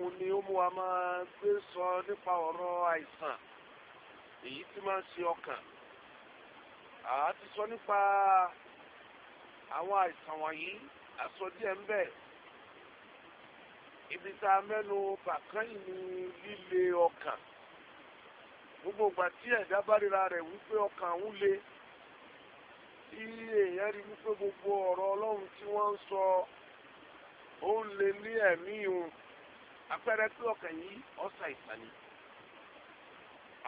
òun ni ó mú wa máa gbé sọ nípa ọ̀rọ̀ àìsàn èyí tí máa ń ṣe ọkàn àá ti sọ nípa àwọn àìsàn wọ̀nyí àsọ díẹ̀ ń bẹ ibi tá a mẹ́nu bàkán yìí ni líle ọkàn gbogbo ìgbà tí ẹ̀dá bá ríra rẹ̀ wípé ọkàn òun le tí èèyàn rí wípé gbogbo ọ̀rọ̀ ọlọ́run tí wọ́n ń sọ ó ń le ní ẹ̀mí òun àpẹẹrẹ pé ọkàn yìí ọ̀sà ìsàní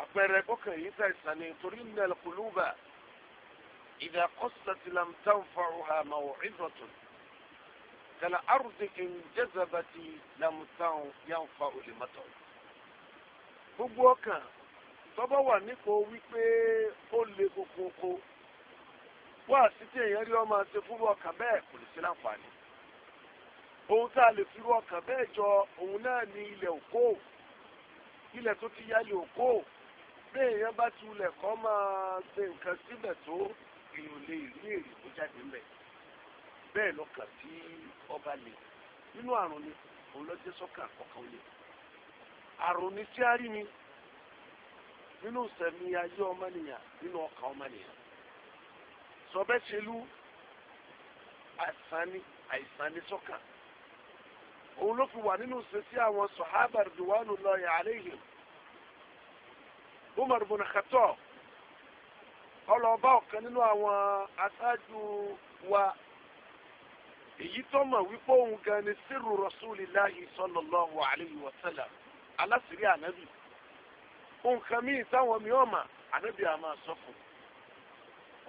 àpẹẹrẹ ọkàn yìí ọ̀sà ìsàní torí innal quluba idha qassat lam tanfa'uha maw'izatun kal-ardi in jazabat lam yanfa'u al-matar gbogbo ọkàn tọ́bọ̀ wà nípò wípé ó le kókókó wá sí tí èèyàn rí ọmọ àti fúrú ọkàn bẹ́ẹ̀ kò lè ṣe láǹfààní ohun tá a lè fi rú ọkàn bẹ́ẹ̀ jọ òun náà ni ilẹ̀ òkó ilẹ̀ tó ti yálẹ̀ òkó bẹ́ẹ̀ yẹn bá ti wulẹ̀ kọ́ máa ṣe nǹkan síbẹ̀ tó èèyàn lè rí èrè tó jáde ńbẹ̀ bẹ́ẹ̀ lọ́kàn tí ọba lè nínú àrùn ni òun lọ́jẹ́ sọ́kàn ọ̀kan lè àrùn ni tí a rí ni nínú sẹ̀mí ayé ọmọnìyàn nínú ọkàn ọmọnìyàn sọ̀bẹ́sẹ̀lú àìsàn ni àìsàn ni sọ́kàn òun ló fi wà nínú sèṣì àwọn sọ̀hábà ridwanullahi alayhim Umar bin Khattab ọlọ́ọ̀bá ọ̀kan nínú àwọn aṣáájú wa èyí tó mọ̀ wípé òun gan ni sírù rasulillahi sallallahu alayhi wa sallam alásìírí ànábì nǹkan míì táwọn mi ọ̀mà ànábì àmà sọ fún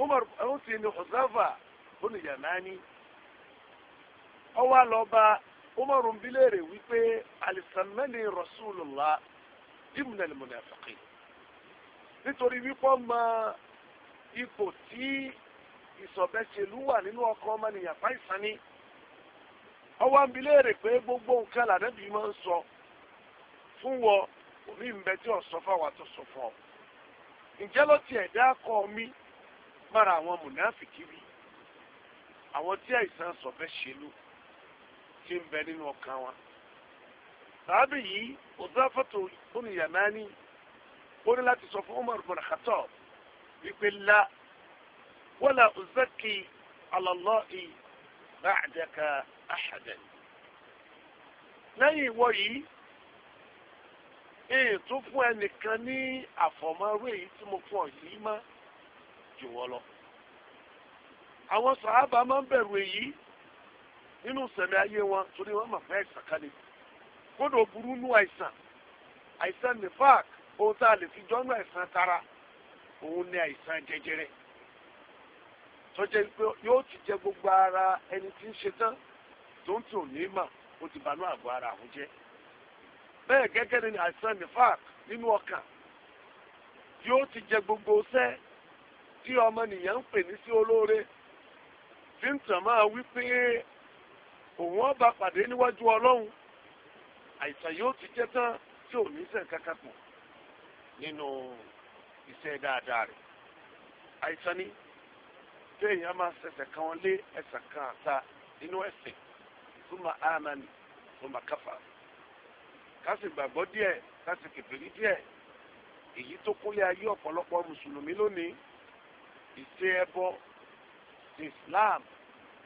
Umar ẹ̀hún ti ní Huzafa bin Yamani ọwọ́ àlọ́ọ̀bá umaru ń bi léèrè wípé alisamani rasulullah dimna almunafiqin nítorí wípé ọmọ ipò tí ìsọ̀bẹ́sẹ̀lú wà nínú ọkọ̀ ọmọnìyàn fáìsàn ni ọwọ́ ń bi léèrè pé gbogbo nǹkan làdẹ́bí máa ń sọ fún wọ omi ìbẹ́ tí ọ̀sán fáwọn àtọ̀sọ̀ fún ọ ǹjẹ́ ló ti ẹ̀dá kọ́ mi mara àwọn mùnáfìkì bí àwọn tí àìsàn sọ̀bẹ́sẹ̀lú tí ń bẹ nínú ọkàn wa sàábì yìí òzáfàtò oníyàmáni ó ní láti sọ fún Umar bin Khattab wípé la wala uzaki alallahi ba'daka ahadan lẹ́yìn ìwọ yìí èyí tó fún ẹnìkan ní àfọ̀mọ́rú èyí tí mo fún ọ yìí má jù lọ. àwọn sàábà máa ń bẹ̀rù èyí nínú sẹ̀mí ayé wọn torí wọn máa fẹ́ àìsàn kalẹ̀ kódò burú nú àìsàn àìsàn nefak ohun tá a lè fi jọ́nú àìsàn tara òun ní àìsàn jẹjẹrẹ tọ́jẹ́ pé yóò ti jẹ gbogbo ara ẹni tí ń ṣe tán tó ń tì ò ní mà ó ti banú àgọ ara àwọn jẹ́ bẹ́ẹ̀ gẹ́gẹ́ ni àìsàn nefak nínú ọkàn yóò ti jẹ gbogbo sẹ́ tí ọmọnìyàn ń pè ní sí olóore fi máa wí pé òun ọba pàdé níwájú ọlọ́run àìsàn yóò ti jẹ́ tán tí ò ní sẹ̀ kankan kù nínú iṣẹ́ dáadáa rẹ̀ àìsàn ni téèyàn máa ṣẹ̀ṣẹ̀ kan lé ẹ̀ṣẹ̀ kan àta nínú ẹ̀ṣẹ̀ súnmọ́ àmàlì súnmọ́ káfà kásì gbàgbọ́ díẹ̀ kásì kẹfìrí díẹ̀ èyí tó kúnlẹ̀ ayé ọ̀pọ̀lọpọ̀ mùsùlùmí lónìí ìṣe ẹbọ ti Islam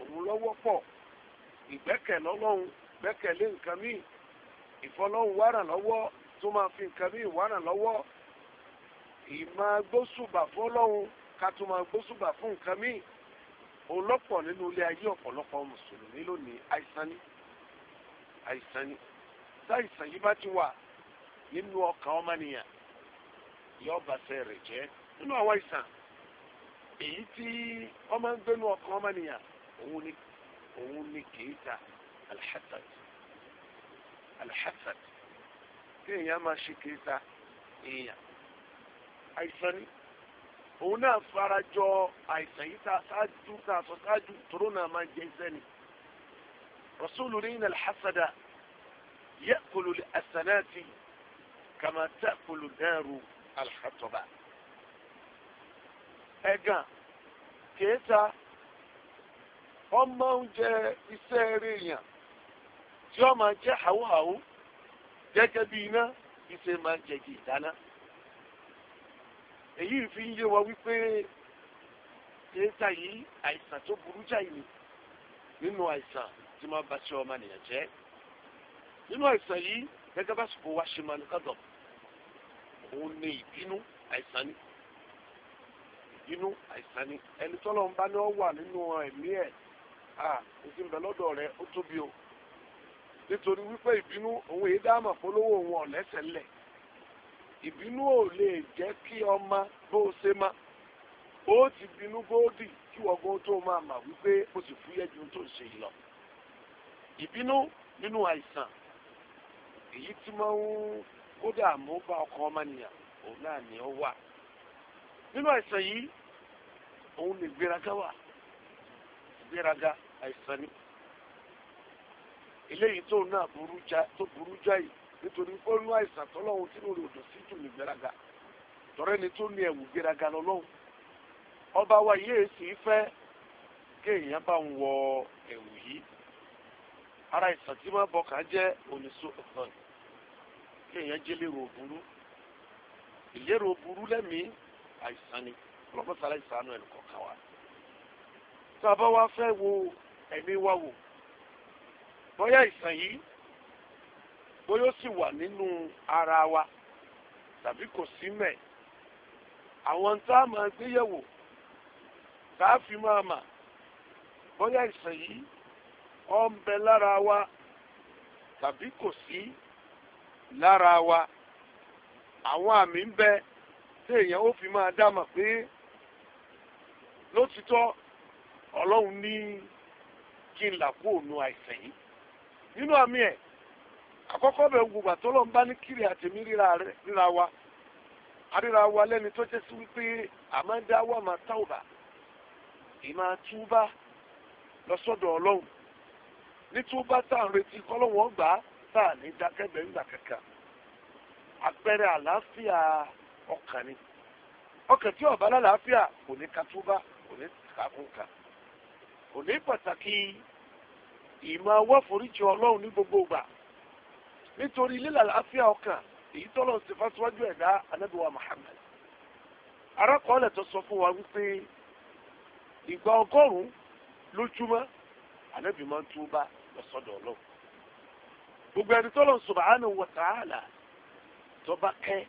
òun lọ́wọ́ pọ̀ ìgbẹ́kẹ̀lé Ọlọ́run gbẹ́kẹ̀lé nǹkan míì ìfọlọ́hún wàrà lọ́wọ́ tó máa fi nǹkan míì wàrà lọ́wọ́ ìmọ̀ gbósùbà fọlọ́hún ká tó máa gbósùbà fún nǹkan míì ọlọ́pọ̀ nínú ilé ayé ọ̀pọ̀lọpọ̀ mùsùlùmí lónìí àìsàn ni àìsàn ni táìsàn yìí bá ti wà nínú ọkàn ọmọnìyàn yóò bá ṣe rẹ̀ jẹ́ nínú àwọn àìsàn èyí tí ọmọ ń gbénu ọkàn ọmọnìyàn òun ni يقول لك كيف الحفت الحفت كيف يا ماشي كيف هي إيه. أيضا هنا فرجو أيضا إذا سأجدو كاسو سأجدو ترون ما جيزني رسول لين الحسد يأكل الأسنات كما تأكل النار الحطبة أجا كيف ọmọ oúnjẹ iṣẹ́ eré èèyàn tí ó máa jẹ́ hàwóhàwó gẹ́gẹ́ bí iná iṣẹ́ máa ń jẹ̀gì ìdáná. èyí fi ń yé wa wípé kéèta yìí àìsàn tó burú jáì ni nínú àìsàn tí máa bá ṣe ọmọ nìyẹn jẹ́. nínú àìsàn yìí gẹ́gẹ́ bá sùkò wá ṣe máa ní kádọ̀ òun ni ìbínú àìsàn ni ìbínú àìsàn ni ẹni tọ́lọ́ ń bá ní ọ wà nínú ẹ̀mí ẹ̀ ìdí ń bẹ lọ́dọ̀ rẹ ó tóbi o nítorí wípé ìbínú òun èé dáàmà polówó òun ọ̀lẹ́sẹ̀lẹ̀ ìbínú ò lè jẹ́ kí ọmọ bó o ṣe má ó ti bínú bóódì kí wọ́gbọ́n tó máa mà wípé ó sì fúyẹ́ ju tó ń ṣe yìí lọ ìbínú nínú àìsàn èyí tí máa ń kódà mú bá ọkọ ọmọnìyàn òun náà ni ó wà nínú àìsàn yìí òun lè gbéraga wà gbéraga. àìsàní ni eléyìí tó náà burú já tó burú já yìí nítorí pé ó ní àìsàn tọ́lọ́hún tí lórí odò sí jù ní gbéraga tọ́rẹ́ ni tó ní ẹ̀wù gbéraga lọ́lọ́hún ọba wa yìí èsì fẹ́ kéèyàn bá ń wọ ẹ̀wù yìí ara ìsàn tí máa bọ̀ kàn jẹ́ oníṣó ọ̀sán kéèyàn jẹ́ lérò burú ìlérò burú lẹ́mìí àìsàn ni ọlọ́mọ sáré ìsànú ẹ̀ lọ́kọ̀ọ̀kan wa tí a bá wá fẹ́ wo ẹ̀mí wa wò bóyá ìsàn yìí bóyá ó sì wà nínú ara wa tàbí kò sí mẹ́ àwọn tá a máa gbéyẹ̀wò tá a fi máa mà bóyá ìsàn yìí ó ń bẹ lára wa tàbí kò sí lára wa àwọn àmì ń bẹ tí èèyàn ó fi máa dá mà pé lótìtọ́ ọlọ́run ní. Ni kí n là kú àìsàn yìí nínú àmì ẹ̀ Akọkọ bẹ̀ gbogbo ń bá ní kiri àtẹ̀mí ríra wa àríra wa lẹ́ni tó sí wípé wà máa táwùbà ìmáa túbá lọ́sọ̀dọ̀ ní túbá tá à ń retí gbà tá à ní ńgbà kankan àpẹẹrẹ àlàáfíà ọkàn ni ọkàn tí lálàáfíà kò ka kò ní pàtàkì ìmọ̀ wá foríjì ọlọ́run ní gbogbo ìgbà nítorí lílà ọkàn èyí tọ́lọ̀ sí fásiwájú ẹ̀dá anábìwá Muhammad arákọọ́lẹ̀ tó sọ fún wa wípé ìgbà ọgọ́rùn-ún lójúmọ́ anábì máa ń túbà lọ́sọ̀dọ̀ ọlọ́run gbogbo ẹni tọ́lọ̀ subhanahu wa ta'ala tó bá kẹ́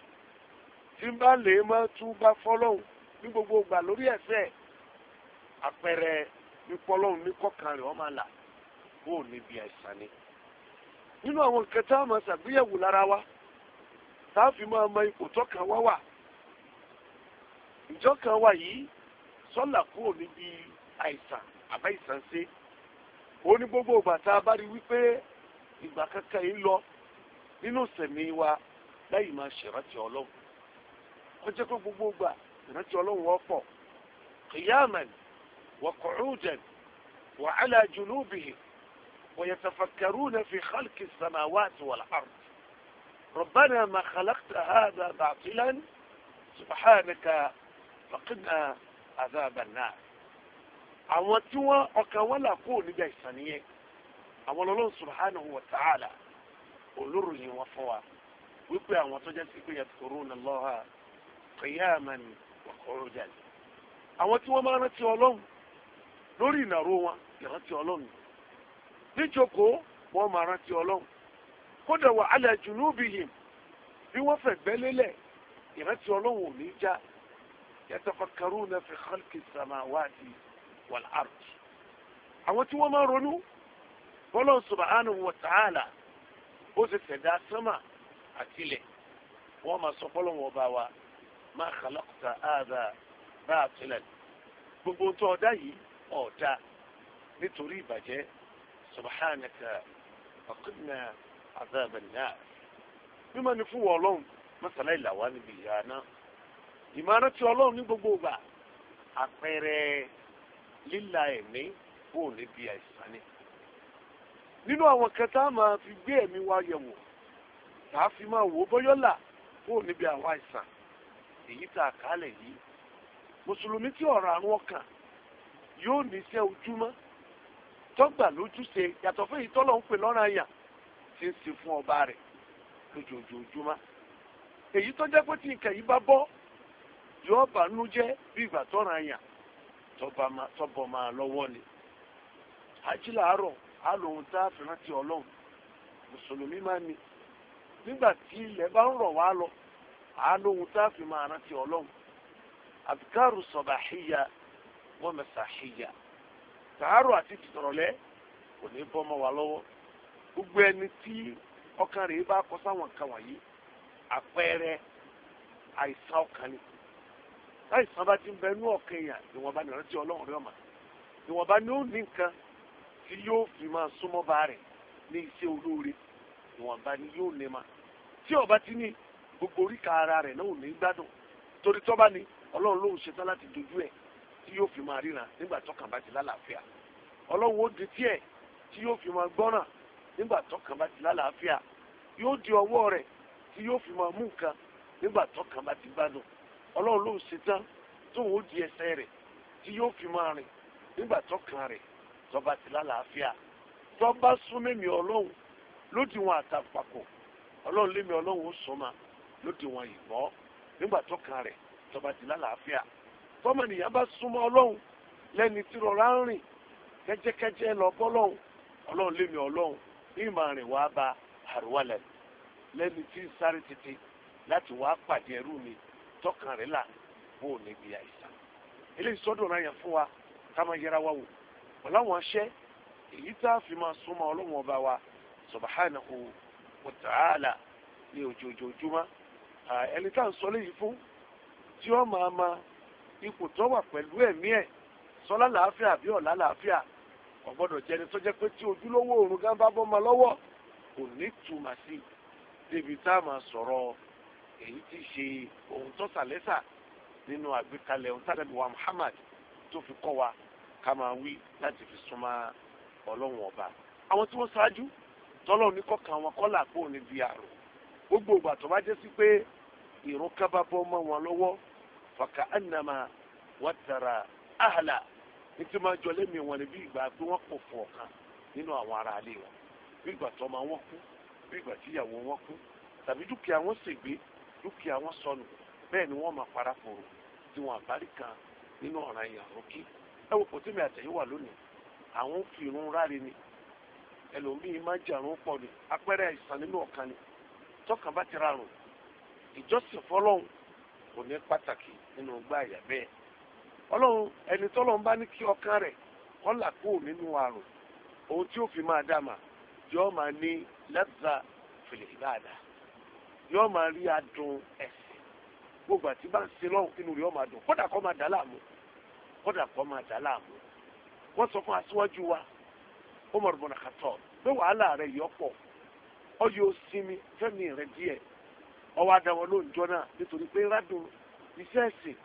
tí ń bá lè máa túbà fọlọ́run ní gbogbo ìgbà lórí ẹ̀ṣẹ̀ àpẹẹrẹ wípé ọlọ́run ní kọ́kàn rẹ̀ ọmọ àlà ó níbi àìsàn ni. nínú àwọn nǹkan tá a máa ṣàgbéyẹ̀wò lára wa tá a fi máa mọ ipò tọ́kàn wá wà ìjọ kan wà yìí sọ́là kúrò níbi àìsàn àbá ìsànṣe ó ní gbogbo ìgbà tá a bá rí wípé ìgbà kankan yìí lọ nínú sẹ̀mí wa láyìí máa ṣèrántí ọlọ́run ó jẹ́ pé gbogbo ìgbà ìrántí ọlọ́run wọ́pọ̀ kìyàmẹ́ni وقعودا وعلى جنوبهم ويتفكرون في خلق السماوات والأرض ربنا ما خلقت هذا باطلا سبحانك فقدنا عذاب النار عوتوا وكولا قول جاي سنية أولا الله سبحانه وتعالى ولر وفوا ويقول أن وتجد يذكرون الله قياما وقعودا أولا ما نتي lórí ìnàró wọn ìrántí ọlọ́run níjókòó wọn máa rántí ọlọ́run kódà wà ala junubihim bí wọ́n fẹ̀gbẹ́ lélẹ̀ ìrántí ọlọ́run ò ní já yatafakkaruna fi khalqi samawati wal ard àwọn tí wọ́n máa ronú bọ́lọ́n subhanahu wa ta'ala ó sì tẹ̀dá sánmà àtìlẹ̀ wọ́n máa sọ bọ́lọ́n wọn bá wa ma khalaqta hadha batilan gbogbo tó ọ̀dá yìí ọ̀dá nítorí ìbàjẹ́ ni fún ọlọ́run mọ́sálá ìlàwà níbi ìmọ̀ràn ti ọlọ́run ní gbogbo ìgbà àpẹẹrẹ líla ẹ̀mí níbi àìsàn ni nínú àwọn kẹta fi gbé ẹ̀mí wa yẹ̀wò yóò níṣẹ́ ojúmọ́ tọ́gbà lójúṣe yàtọ̀ fún èyí tọ́lọ́ ń pè lọ́rùn àyà tí ń sin fún ọba rẹ̀ lójoojúmọ́ èyí tó jẹ́ pé tí nǹkan yìí bá bọ́ yóò bà nú jẹ́ bí ìgbà tọ́rùn àyà tọ́bọ̀ máa lọ́wọ́ ni àjí làárọ̀ á lòun tá a fi rántí ọlọ́run mùsùlùmí máa ní nígbà tí ilẹ̀ bá ń rọ̀ wá lọ á lòun tá a fi máa rántí ọlọ́run àbíkárù sọ̀bàhíyà wọ́n mẹ́sàáhìyà tààrọ̀ àti tìtọ̀rọ̀lẹ́ kò ní bọ́ mọ́ wa lọ́wọ́ gbogbo ẹni tí ọkàn rẹ̀ bá kọ sáwọn nǹkan wọ̀nyí àpẹẹrẹ àìsàn ọkàn ni láìsàn bá ti ń bẹ inú ọkàn èèyàn ìwọ̀nba ni ìrántí ọlọ́run rẹ̀ ọ̀mà ìwọ̀nba ni ó ní nǹkan tí yóò fi máa súnmọ́ bá rẹ̀ ní iṣẹ́ olóore ìwọ̀nba ni yóò ní ma tí ọba ti ní gbogbo oríkà ara rẹ̀ náà ò ní gbádùn torí tọ́ba ni ọlọ́run lóhùn ṣetán láti dojú ẹ̀ tí yóò fi máa ríran nígbà tọ́kàn bá ti lálàáfíà ọlọ́run di tiẹ̀ tí yóò fi máa gbọ́ràn nígbà tọ́kàn bá ti lálàáfíà yóò di ọwọ́ rẹ̀ tí yóò fi máa mú nǹkan nígbà tọ́kàn bá ti gbádùn ọlọ́run ló ń ṣetán tóun ó di ẹsẹ̀ rẹ̀ tí yóò fi máa rìn nígbà tọ́kàn rẹ̀ tó bá ti lálàáfíà tó bá sún mẹ́mi ọlọ́run lódiwọ̀n àtàpàkò ọlọ́run lémi ọlọ́run ó sọ ma lódiwọ̀n ìbọ́ nígbà tọ́kàn rẹ̀ tó bá tọ́mọnìyàn bá súnmọ́ ọlọ́run lẹ́ni tí rọra ń rìn kẹ́jẹ́kẹ́jẹ́ lọ bọ́lọ́run ọlọ́run lémi ọlọ́run ìmọ̀ rìn wá ba àrùwalẹ̀ lẹ́ni tí ń sáré tètè láti wá pàdé ẹrú mi tọkàn rẹ̀ là wò níbi àìsàn eléyìí sọ́dọ̀ náà yẹn fún wa ká máa yẹra wa wò pẹ̀lú àwọn aṣẹ́ èyí tá a fi máa súnmọ́ ọlọ́run ọba wa subhanahu wa ta'ala ní ojoojúmọ́ ẹni tá à ń sọ léyìí fún tí wọ́n máa máa ipò tó wà pẹ̀lú ẹ̀mí ẹ̀ sọlá làáfíà àbí ọ̀la làáfíà kò gbọ́dọ̀ jẹni tó jẹ́ pé tí ojúlówó òrùn gán bá bọ́ ma lọ́wọ́ kò ní túmọ̀ sí i débi tá a máa sọ̀rọ̀ èyí tí ṣe ohun tó sàlẹ́sà nínú àgbékalẹ̀ ohun wa Muhammad tó fi kọ́ wa ká máa wí láti fi súnmọ́ ọlọ́run ọba àwọn tí wọ́n ṣáájú tọ́lọ́ ní kọ́kàn wọn kọ́là pò níbi àrùn gbogbo ìgbà tó bá jẹ́ sí pé ìrún kábàbọ́ mọ́ wọn lọ́wọ́ fọkà ẹnàmà wọtara ahla nítorí máa jọ lẹ́mìí wọn ni bí ìgbà pé wọ́n kò fọ̀ kan nínú àwọn ará ilé wọn bí ìgbà tó ọmọ wọn kú bí ìgbà tí ìyàwó wọn kú tàbí dúkìá wọn ṣègbé dúkìá wọn sọnù bẹ́ẹ̀ ni wọ́n máa para fòrò tí wọn àbárí kan nínú ọ̀ràn ìyàwó kí ẹ wò pọ̀ tí mi àtẹ̀yẹ́wà lónìí àwọn fi ráre ni ẹlòmíín máa jàrún pọ̀ ni apẹ́rẹ́ ìsàn nínú ọ̀kan ni tọ́kàn ti rarùn ìjọsìn fọlọ́hún kò ní pàtàkì nínú ọgbà àyà bẹ́ẹ̀ ọlọ́run ẹni tọ́lọ́run bá ní kí ọkàn rẹ̀ kọ́ là kó nínú àrùn ohun tí ó fi máa dá mà yọ máa ní lẹ́tà fìlè ìbáàdà yọ máa rí adùn ẹ̀sìn gbogbo àti bá ń ṣe lọ́hùn inú rẹ̀ yọ máa dùn kódà kọ́ máa dà láàmú kódà kọ́ máa dà láàmú wọ́n sọ fún aṣíwájú wa Umar bin Khattab pé wàhálà rẹ̀ yọ pọ̀ ọ yóò sinmi fẹ́mi rẹ̀ díẹ̀ ọwọ́ adáwọ̀ lóòjọ́ náà nítorí pé rádùn iṣẹ́ ẹ̀sìn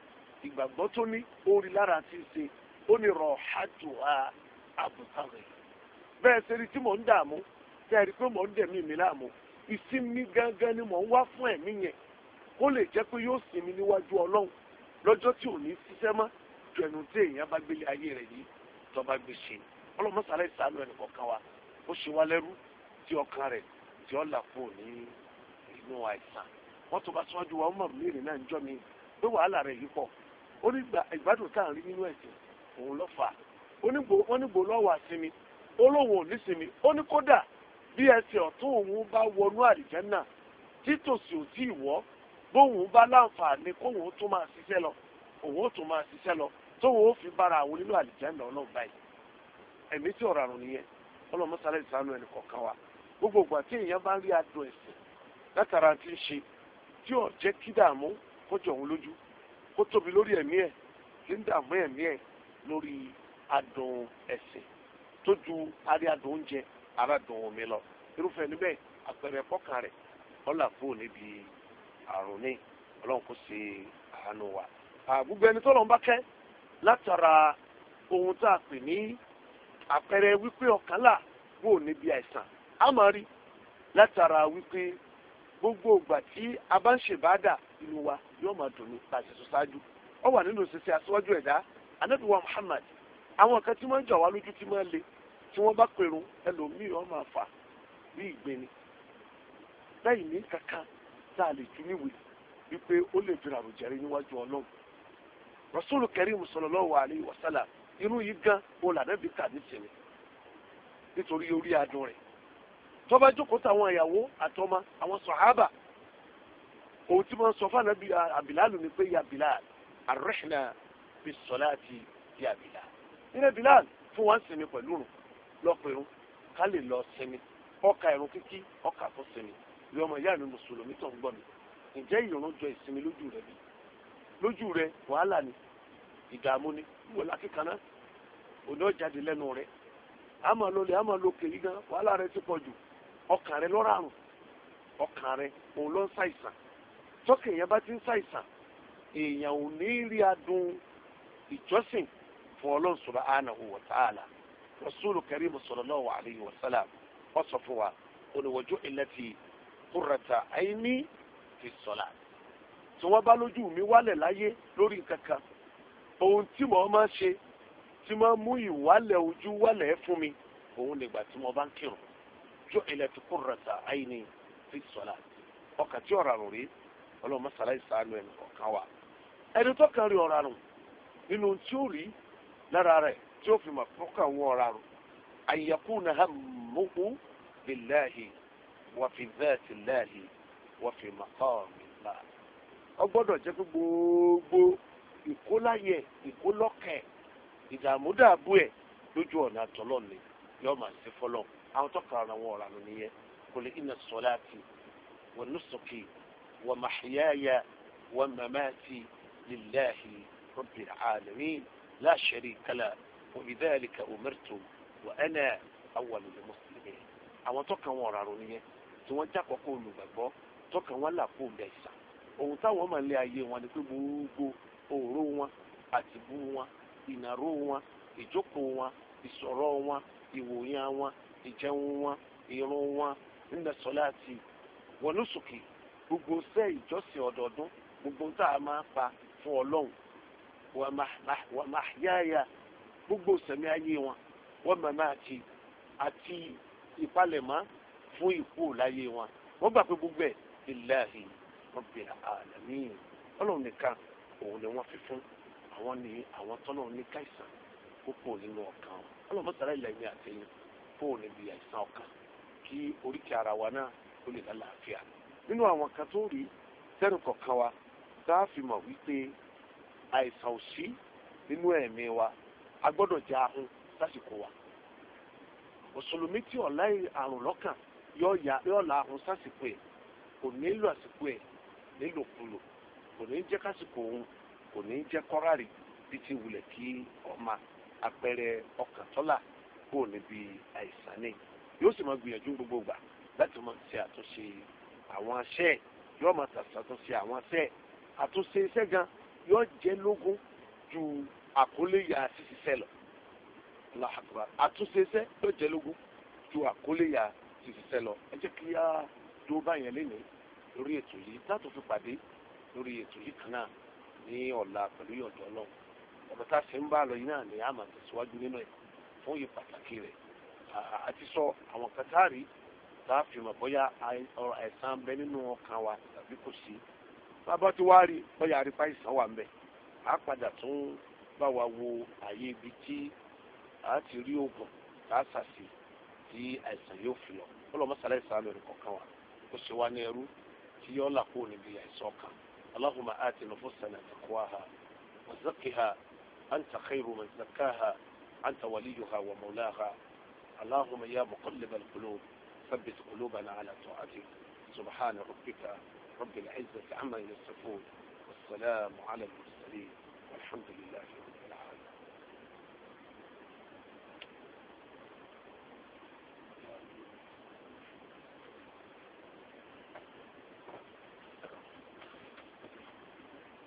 ìgbàgbọ́ tó ní orí lára ti ṣe ó ní rọ̀ hájú àbùtàwẹ̀ bẹ́ẹ̀ ṣe rí tí mò ń dààmú tẹ́ ẹ rí pé mò ń dẹ̀mí mi láàmú ìsinmi gangan ni mò ń wá fún ẹ̀mí yẹn kó lè jẹ́ pé yóò sinmi níwájú ọlọ́run lọ́jọ́ tí ò ní ṣiṣẹ́ mọ́ ju tí èèyàn bá gbélé ayé rẹ̀ yìí tó bá gbé ṣe ọlọ́mọ sàlẹ̀ ìsàánú ẹnì wa ó ṣe wá lẹ́rú tí ọkàn rẹ̀ tí ó là ní inú àìsàn wọ́n tó bá síwájú wa Umar léèrè náà ń jọ́ mi pé wàhálà rẹ̀ yìí pọ̀ ó ní ìgbádùn tá à ń rí nínú ẹ̀sìn òun lọ́ fà á ó ní gbò lọ́wọ́ àsinmi ó lóun ò ní sinmi ó ní kódà bí ẹsẹ̀ ọ̀tún òun bá wọnú àlìjẹ́nà títòsí ò tí ì wọ́ bóun bá láǹfààní kóun ó tún máa ṣiṣẹ́ lọ òun ó tún máa ṣiṣẹ́ lọ tóun ó fi bára àwọn nínú àlìjẹ́nà ọlọ́run báyìí ẹ̀mí tí ọ̀rọ̀ àrùn nìyẹn ọlọ́mọsálẹ̀ ìsánú ẹnì kọ̀ọ̀kan wa gbogbo ìgbà tí èèyàn bá ń rí adùn ẹ̀sìn látara ti ń ṣe tí ò jẹ́ kí dààmú kó jọ òun lójú kó tóbi lórí ẹ̀mí ẹ̀ tí ń dààmú ẹ̀mí ẹ̀ lórí adùn ẹ̀sìn tó ju arí adùn oúnjẹ arádùn omi lọ irúfẹ́ níbẹ̀ àpẹẹrẹ pọ́kàn rẹ̀ ọ̀là fóònù níbi àrùn ní ọlọ́run kò ṣe àánú wa. gbogbo ẹni tọ́lọ́run bá kẹ́ látara ohun tá a pè ní àpẹẹrẹ wípé ọ̀kan wò níbi àìsàn á máa rí látara wípé gbogbo ìgbà tí a bá ń ṣèbádà inú wa yóò máa dùn ní tàṣẹ sọ ṣáájú ó wà nínú òṣìṣẹ aṣíwájú ẹ̀dá Ànábì Muhammad àwọn kan tí jà wá lójú tí le tí wọn bá pẹ̀rùn ẹlòmíì wọ́n máa fà bí ìgbéni lẹ́yìn ní kankan tá a lè ju níwèé wípé ó lè dùn àròjẹrẹ níwájú Ọlọ́run Rasulu Karim sallallahu yìí gan sinmi nítorí tó bá jókòó táwọn ìyàwó àtọmọ àwọn sọ̀hábà òun tí wọ́n sọ fún ànábì àbìláàlù ni pé ya Bilal arẹ́hìnà bí sọlá ti ya Bilal nílẹ̀ Bilal fún wa ń sinmi pẹ̀lú rùn lọ́pẹ̀rún ká lè lọ sinmi ọkà ẹ̀rùn kíkí ọkà tó sinmi ìwé ọmọ ìyá mi mùsùlùmí tó ń gbọ́ mi ǹjẹ́ ìrún jọ ìsinmi lójú rẹ bí lójú rẹ wàhálà ni ìdààmú ni wọ́n lákì kaná òní ọ̀jáde lẹ́nu rẹ àmọ́ lọlẹ̀ yìí gan wàhálà rẹ ti pọ̀ jù ọkàn rẹ lọ́rọ̀ àrùn ọkàn rẹ òun ló ń ṣàìsàn tọ́kẹ̀ èèyàn bá ti ń ṣàìsàn èèyàn ò ní rí adùn ìjọsìn fún ọlọ́run subhanahu wa ta'ala rasulu karim sallallahu alayhi wa sallam wọ́n sọ fún wa oníwọ̀jú ìlẹ́tì qurrata aini fi sọ̀la tí wọ́n bá lójú mi wálẹ̀ láyé lórí nǹkan kan ohun tí mo máa ṣe tí máa mú ìwálẹ̀ ojú wálẹ̀ fún mi òun nígbà tí mo bá ń kírun ju'ilat qurrata ayni fi salat ọkàn tí ọ̀rọ̀ àrùn rí ọlọ́run mọ́sálá ìsàánú ẹnì kọ̀ọ̀kan wa ẹni tó kàn rí ọ̀rọ̀ àrùn nínú tí ó rí lára rẹ̀ tí ó fi mọ̀ fọ́kàn wọ ọ̀rọ̀ àrùn an yakuna hammuhu billahi wa fi dhati llahi wa fi maqami llah ó gbọ́dọ̀ jẹ́ pé gbogbo ìkóláyẹ̀ ìkólọ́kẹ̀ ìdààmú dààbò ẹ̀ lójú ọ̀nà àtọ́lọ́ni yóò máa ṣe fọlọ́ọ̀ àwọn tó kàrà àwọn ọ̀rọ̀ àná nìyẹn kò lè inna salati wa nusuki wa mahyaya wa mamati lillahi rabbil alamin la sharika la wa bidhalika umirtu wa ana awwalul muslimin àwọn tó kàn wọn ọ̀rọ̀ àná nìyẹn tí wọ́n jákọ̀ọ́kọ́ olùgbàgbọ́ tó kàn wọ́n là kó bẹ̀ sà ohun táwọn máa lé ayé wọn ni pé gbogbo òró wọn àtìbú wọn ìnáró wọn ìjókòó wọn ìsọ̀rọ̀ wọn ìwòyàn wọn ìjẹun wọn ìrun wọn nílẹ̀ sọ́láàtì wọnúsùkì gbogbo sẹ́ ìjọsìn ọ̀dọ̀ọdún gbogbo tá a máa pa fún ọlọ́run wà máa yáyà gbogbo sẹ̀mí ayé wọn wọ́n máa máa ti àti ìpalẹ̀mọ́ fún ìkú láyé wọn wọ́n gbà pé gbogbo ẹ̀ ìlàhì rabbil alamin ọlọ́run nìkan òun ni wọ́n fi fún àwọn ni àwọn tọ́lọ́run ní káìsàn kókó nínú ọkàn wọn ọlọ́run mọ́tàlá ìlà ìmí àtẹ̀yìn. kúrò ihe àìsàn kí ara wa náà ó lè lálàáfíà nínú àwọn kan tó rí sẹ́nu a fi mọ̀ wípé àìsàn ò sí nínú ẹ̀mí wa a gbọ́dọ̀ já ahun lásìkò wa mùsùlùmí tí ọ̀la àrùn lọ́kàn yóò la ahun sásìkò ẹ̀ kò àsìkò ẹ̀ kò ní jẹ́ kásìkò òun kò ní jẹ́ kúrò níbi àìsàn ni yóò sì máa gbìyànjú gbogbo gbà láti máa ṣe àtúnṣe àwọn aṣẹ́ yóò máa ṣàtúnṣe àwọn aṣẹ́ àtúnṣe iṣẹ́ gan yóò jẹ́ lógún ju àkólé ya ṣiṣẹ́ lọ làkùrà àtúnṣe iṣẹ́ yóò jẹ́ lógún ju àkólé ya ṣiṣẹ́ lọ ẹ jẹ́ kí á dúró báyẹn lénìí lórí ètò yìí látò fi pàdé lórí ètò yìí kan náà ní ọ̀la pẹ̀lú ìyọ̀dọ̀ náà ọ̀pọ̀ tá ń bá lọ yìí náà ni a máa tẹ̀síwájú nínú ẹ̀. fún ìpàtàkì rẹ̀ àti sọ àwọn tá a fi mọ̀ bóyá ọ̀rọ̀ àìsàn bẹ nínú ọkàn wa tàbí kò sí bàbá tí wàá rí bóyá àrípa ìsàn wà ń bẹ padà tún wo àyè ibi tí a ti rí oògùn tá a sàṣì tí àìsàn yóò fi lọ ọlọmọsàlẹ ìsàlẹ wa ó ṣe wá ní ẹrú tí yọ là kó níbi àìsàn ọkàn Allahumma ati nufusana taqwaha wa zakkiha أنت وليها ومولاها اللهم يا مقلب القلوب ثبت قلوبنا على طاعتك سبحان ربك رب العزة عما يصفون والسلام على المرسلين والحمد لله رب